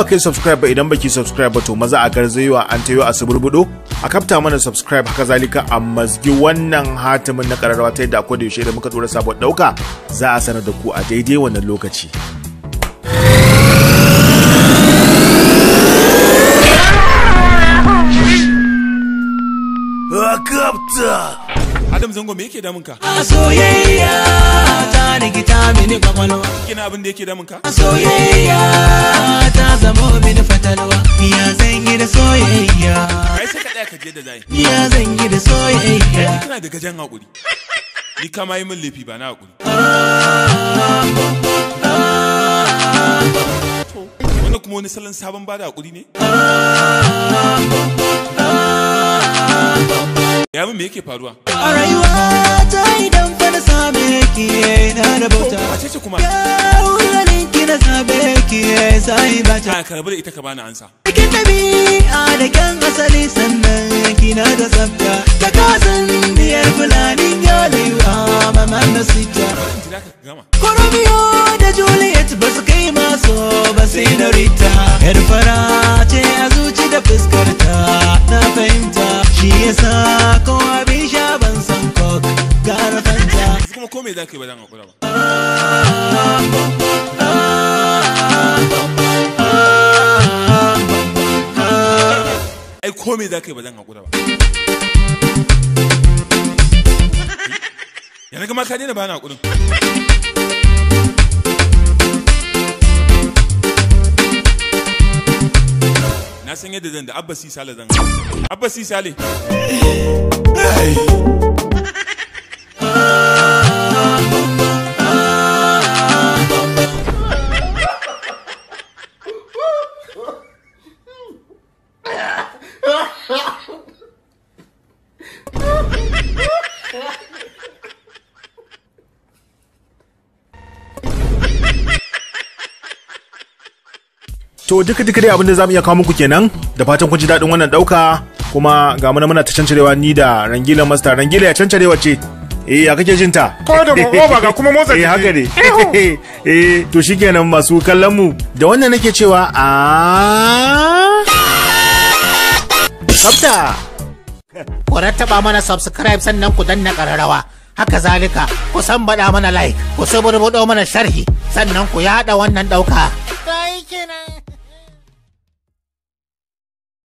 ba kai subscribe ba idan baki subscribe ba to maza a garzayewa an tayo a suburbudo a kafta mana subscribe haka zalika a mazgi wannan hatimin na kararwa ta yadda akwai da yaushe da muka dora sabon dauka za a sanar da ku a daidai wannan lokaci. tsafta adam zango me yake damunka a soyayya ta rigita mini kwakwalwa kina abin da yake damunka a soyayya ta zama mini fatalwa ya zan yi da soyayya kai sai ka daya ka je da zai ya zan yi da soyayya kina da gajen hakuri ni kama yi min laifi ba na hakuri wani kuma wani salon sabon bada hakuri ne gaya min me yake faruwa a rayuwa ta idan fa na same ki eh, na da bauta oh, wace ce kuma ya ki na same ki eh, sai ba ta ka rabu da ita ka bani ansa cikin dabi'a da kyan asali sannan kina da tsafta ta kasan biyar fulani galewa mama na sita Romeo da Juliet ba su kai maso ba sai da Rita yar fara ce kuma komai za ka yi ba zan ba ai ka yi ba zan haƙura ba yana ka daina na san yadda zan da abba sisale zan abba sisale to duka duka dai abinda zamu iya kawo muku kenan da fatan kun ji daɗin wannan ɗauka kuma ga mana muna ta cancarewa ni da rangila master rangila ya cancarewa ce eh ya kake jin ta ko da ba ga kuma motsa eh haka ne eh to shikenan masu kallon mu da wannan nake cewa a tsafta ku rattaba mana subscribe sannan ku danna kararrawa haka zalika ku san bada mana like ku suburbudo mana sharhi sannan ku yada wannan dauka